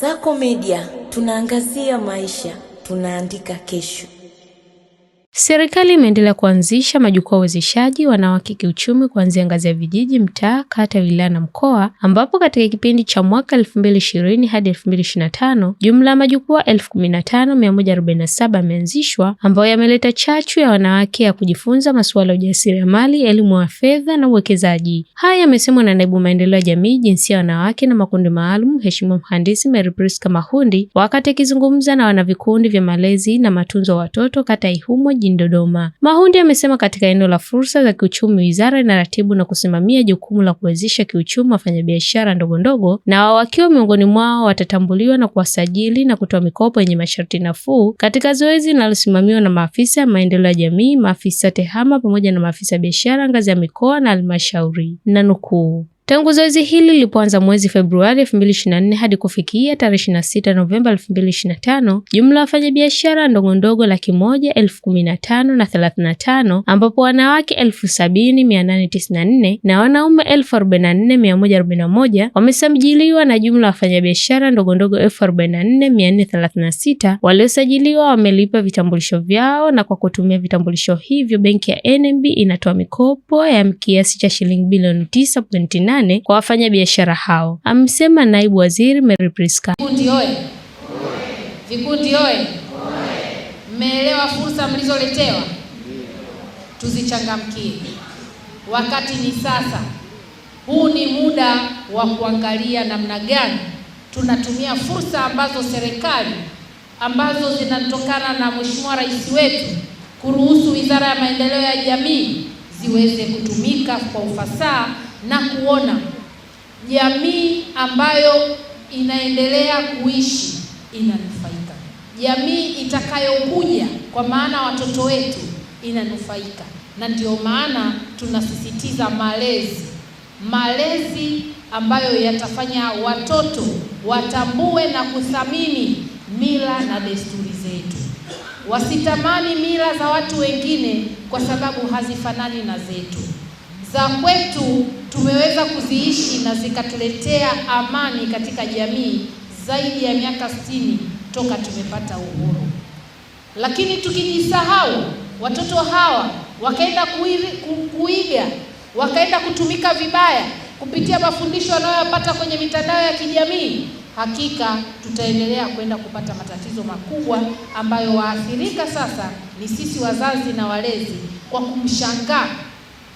Sako Media tunaangazia maisha, tunaandika kesho. Serikali imeendelea kuanzisha majukwaa ya uwezeshaji wanawake kiuchumi kuanzia ngazi ya vijiji, mtaa, kata, wilaya na mkoa, ambapo katika kipindi cha mwaka 2020 hadi 2025 jumla ya majukwaa 15147 yameanzishwa ambayo yameleta chachu ya wanawake ya kujifunza masuala ya ujasiriamali, elimu ya fedha na uwekezaji. Haya yamesemwa na naibu maendeleo ya jamii, jinsia ya wanawake na makundi maalum, Mheshimiwa Mhandisi Mary Priska Mahundi wakati akizungumza na wanavikundi vya malezi na matunzo ya watoto kata Ihumwa jijini Dodoma. Mahundi amesema katika eneo la fursa za kiuchumi, wizara inaratibu na kusimamia jukumu la kuwezesha kiuchumi wafanyabiashara ndogo na wao wakiwa miongoni mwao watatambuliwa na kuwasajili na kutoa mikopo yenye masharti nafuu katika zoezi linalosimamiwa na maafisa ya maendeleo ya jamii, maafisa tehama pamoja na maafisa biashara ngazi ya mikoa na halmashauri na nukuu Tangu zoezi hili lilipoanza mwezi Februari 2024 hadi kufikia tarehe 26 Novemba 2025, jumla wafanyabiashara ndogondogo laki moja elfu kumi na tano na thelathini na tano ambapo wanawake elfu sabini mia nane tisini na nne na wanaume elfu arobaini na nne mia moja arobaini na moja wamesajiliwa na jumla wafanyabiashara ndogondogo elfu arobaini na nne mia nne thelathini na sita waliosajiliwa wamelipa vitambulisho vyao, na kwa kutumia vitambulisho hivyo benki ya NMB inatoa mikopo ya kiasi cha shilingi bilioni 9.8 nane kwa wafanyabiashara hao, amesema naibu waziri Mary Priska. Vikundi oye! Vikundi oye! Mmeelewa fursa mlizoletewa, tuzichangamkie. Wakati ni sasa, huu ni muda wa kuangalia namna gani tunatumia fursa ambazo serikali ambazo zinatokana na Mheshimiwa Rais wetu kuruhusu Wizara ya Maendeleo ya Jamii ziweze kutumika kwa ufasaha na kuona jamii ambayo inaendelea kuishi inanufaika, jamii itakayokuja, kwa maana watoto wetu inanufaika. Na ndio maana tunasisitiza malezi, malezi ambayo yatafanya watoto watambue na kuthamini mila na desturi zetu, wasitamani mila za watu wengine kwa sababu hazifanani na zetu za kwetu tumeweza kuziishi na zikatuletea amani katika jamii zaidi ya miaka sitini toka tumepata uhuru. Lakini tukijisahau, watoto hawa wakaenda kuiga, wakaenda kutumika vibaya kupitia mafundisho wanayoyapata kwenye mitandao ya kijamii, hakika tutaendelea kwenda kupata matatizo makubwa ambayo waathirika sasa ni sisi wazazi na walezi kwa kumshangaa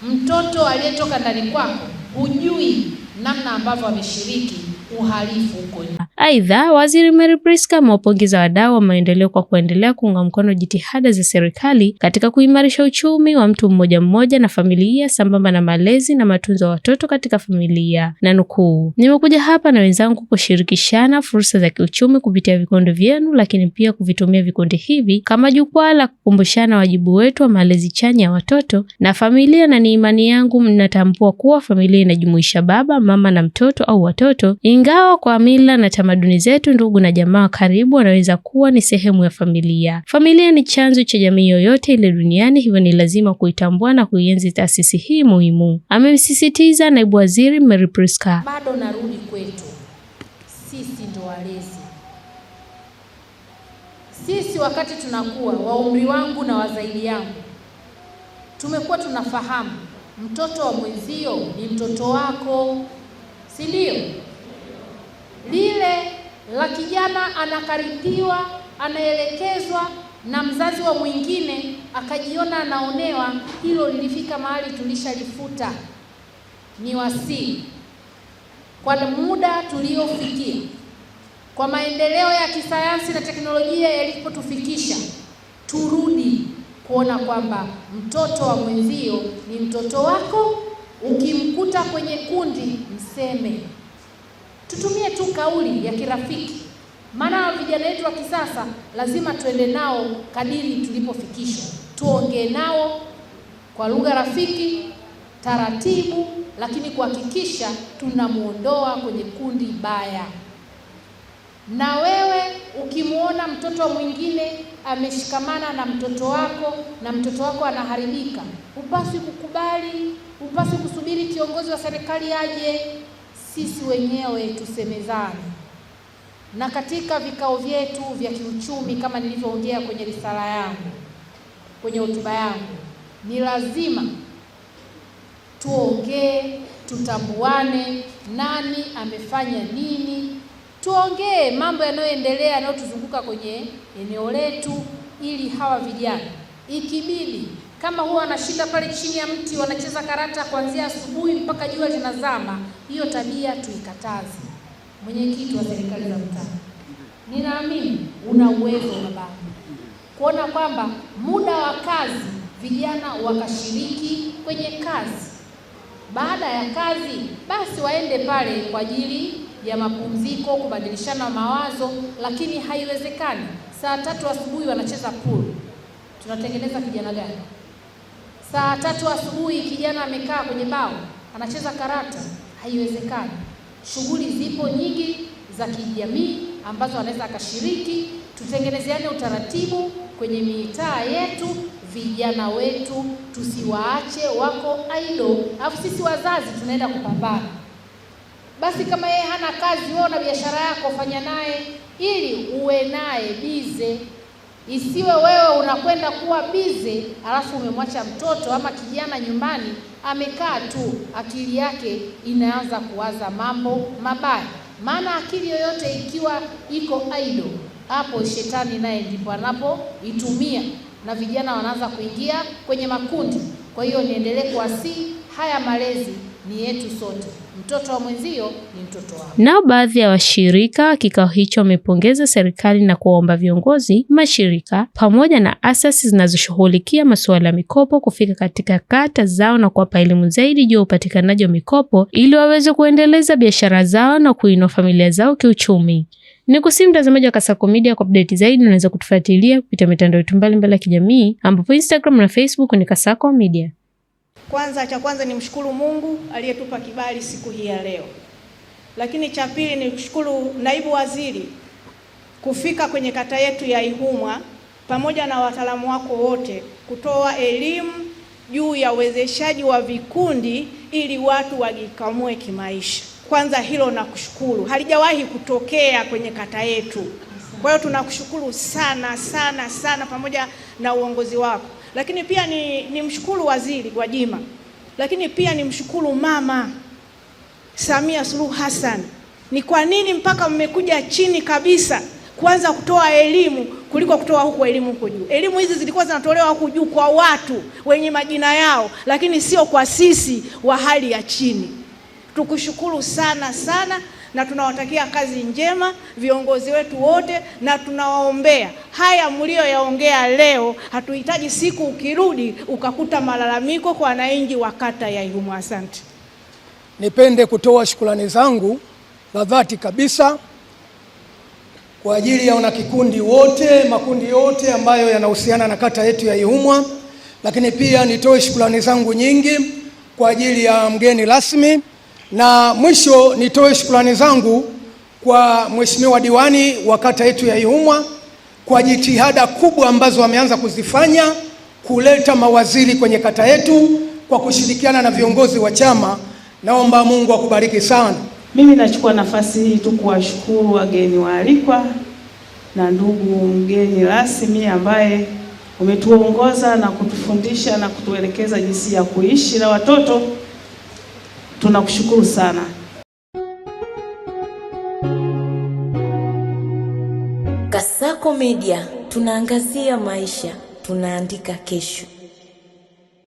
mtoto aliyetoka ndani kwako hujui namna ambavyo ameshiriki uhalifu huko Aidha, Waziri Mary Priska amewapongeza wadau wa maendeleo kwa kuendelea kuunga mkono jitihada za serikali katika kuimarisha uchumi wa mtu mmoja mmoja na familia sambamba na malezi na matunzo ya watoto katika familia. Na nukuu, nimekuja hapa na wenzangu kushirikishana fursa za kiuchumi kupitia vikundi vyenu, lakini pia kuvitumia vikundi hivi kama jukwaa la kukumbushana wajibu wetu wa malezi chanya ya watoto na familia, na ni imani yangu mnatambua kuwa familia inajumuisha baba, mama na mtoto au watoto, ingawa kwa mila na tamaduni tamaduni zetu, ndugu na jamaa wa karibu wanaweza kuwa ni sehemu ya familia. Familia ni chanzo cha jamii yoyote ile duniani, hivyo ni lazima kuitambua na kuienzi taasisi hii muhimu, amemsisitiza naibu waziri Mary Priska. Bado narudi kwetu, sisi ndo walezi. Sisi wakati tunakuwa wa umri wangu na wazaidi yangu, tumekuwa tunafahamu mtoto wa mwenzio ni mtoto wako, si ndio? la kijana anakaribiwa, anaelekezwa na mzazi wa mwingine, akajiona anaonewa. Hilo lilifika mahali tulishalifuta, ni wasii kwa muda tuliofikia, kwa maendeleo ya kisayansi na teknolojia yalipotufikisha, turudi kuona kwamba mtoto wa mwenzio ni mtoto wako. Ukimkuta kwenye kundi, mseme tutumie tu kauli ya kirafiki, maana vijana wetu wa kisasa lazima tuende nao kadiri tulipofikisha. Tuongee nao kwa lugha rafiki, taratibu, lakini kuhakikisha tunamwondoa kwenye kundi baya. Na wewe ukimwona mtoto mwingine ameshikamana na mtoto wako na mtoto wako anaharibika, upaswi kukubali, upaswi kusubiri kiongozi wa serikali aje sisi wenyewe tusemezane, na katika vikao vyetu vya kiuchumi, kama nilivyoongea kwenye risala yangu, kwenye hotuba yangu, ni lazima tuongee, tutambuane nani amefanya nini, tuongee mambo yanayoendelea yanayotuzunguka kwenye eneo letu, ili hawa vijana ikibidi kama huwa wanashinda pale chini ya mti wanacheza karata kuanzia asubuhi mpaka jua linazama, hiyo tabia tuikataze. Mwenyekiti wa serikali za mtaa, ninaamini una uwezo baba kuona kwamba muda wa kazi vijana wakashiriki kwenye kazi, baada ya kazi basi waende pale kwa ajili ya mapumziko, kubadilishana mawazo. Lakini haiwezekani saa tatu asubuhi wanacheza pool, tunatengeneza kijana gani? saa tatu asubuhi kijana amekaa kwenye bao anacheza karata, haiwezekani. Shughuli zipo nyingi za kijamii ambazo anaweza akashiriki. Tutengenezeane utaratibu kwenye mitaa yetu, vijana wetu tusiwaache wako aido alafu sisi wazazi tunaenda kupambana. Basi kama yeye hana kazi, wewe una biashara yako, fanya naye ili uwe naye bize. Isiwe wewe unakwenda kuwa bize alafu umemwacha mtoto ama kijana nyumbani, amekaa tu, akili yake inaanza kuwaza mambo mabaya. Maana akili yoyote ikiwa iko idle, hapo shetani naye ndipo anapoitumia na vijana wanaanza kuingia kwenye makundi. Kwa hiyo niendelee kuwasihi haya malezi ni yetu sote, mtoto wa mwenzio ni mtoto wako. Nao baadhi ya washirika kikao hicho wamepongeza serikali na kuwaomba viongozi, mashirika pamoja na asasi zinazoshughulikia masuala ya mikopo kufika katika kata zao na kuwapa elimu zaidi juu ya upatikanaji wa mikopo ili waweze kuendeleza biashara zao na kuinua familia zao kiuchumi. Ni kusii mtazamaji wa Kasaco Media, kwa update zaidi unaweza kutufuatilia kupitia mitandao yetu mbalimbali ya kijamii ambapo Instagram na Facebook ni Kasaco Media. Kwanza, cha kwanza ni mshukuru Mungu aliyetupa kibali siku hii ya leo, lakini cha pili ni kushukuru naibu waziri kufika kwenye kata yetu ya Ihumwa pamoja na wataalamu wako wote kutoa elimu juu ya uwezeshaji wa vikundi ili watu wajikamue kimaisha. Kwanza hilo nakushukuru, halijawahi kutokea kwenye kata yetu. Kwa hiyo tunakushukuru sana sana sana, pamoja na uongozi wako. Lakini pia ni, ni mshukuru waziri Gwajima, lakini pia ni mshukuru mama Samia Suluhu Hassan. Ni kwa nini mpaka mmekuja chini kabisa kuanza kutoa elimu kuliko kutoa huku elimu huku juu? Elimu hizi zilikuwa zinatolewa huku juu kwa watu wenye majina yao, lakini sio kwa sisi wa hali ya chini. Tukushukuru sana sana na tunawatakia kazi njema viongozi wetu wote, na tunawaombea haya mlioyaongea leo. Hatuhitaji siku ukirudi ukakuta malalamiko kwa wananchi wa kata ya Ihumu. Asante. Nipende kutoa shukrani zangu za dhati kabisa kwa ajili ya wanakikundi wote, makundi yote ambayo yanahusiana na kata yetu ya Ihumwa, lakini pia nitoe shukrani zangu nyingi kwa ajili ya mgeni rasmi na mwisho nitoe shukrani zangu kwa Mheshimiwa diwani wa kata yetu ya Ihumwa kwa jitihada kubwa ambazo wameanza kuzifanya kuleta mawaziri kwenye kata yetu kwa kushirikiana na viongozi wa chama. Naomba Mungu akubariki sana. Mimi nachukua nafasi hii tu kuwashukuru wageni waalikwa na ndugu mgeni rasmi ambaye umetuongoza na kutufundisha na kutuelekeza jinsi ya kuishi na watoto. Tunakushukuru sana. Kasako Media tunaangazia maisha, tunaandika kesho.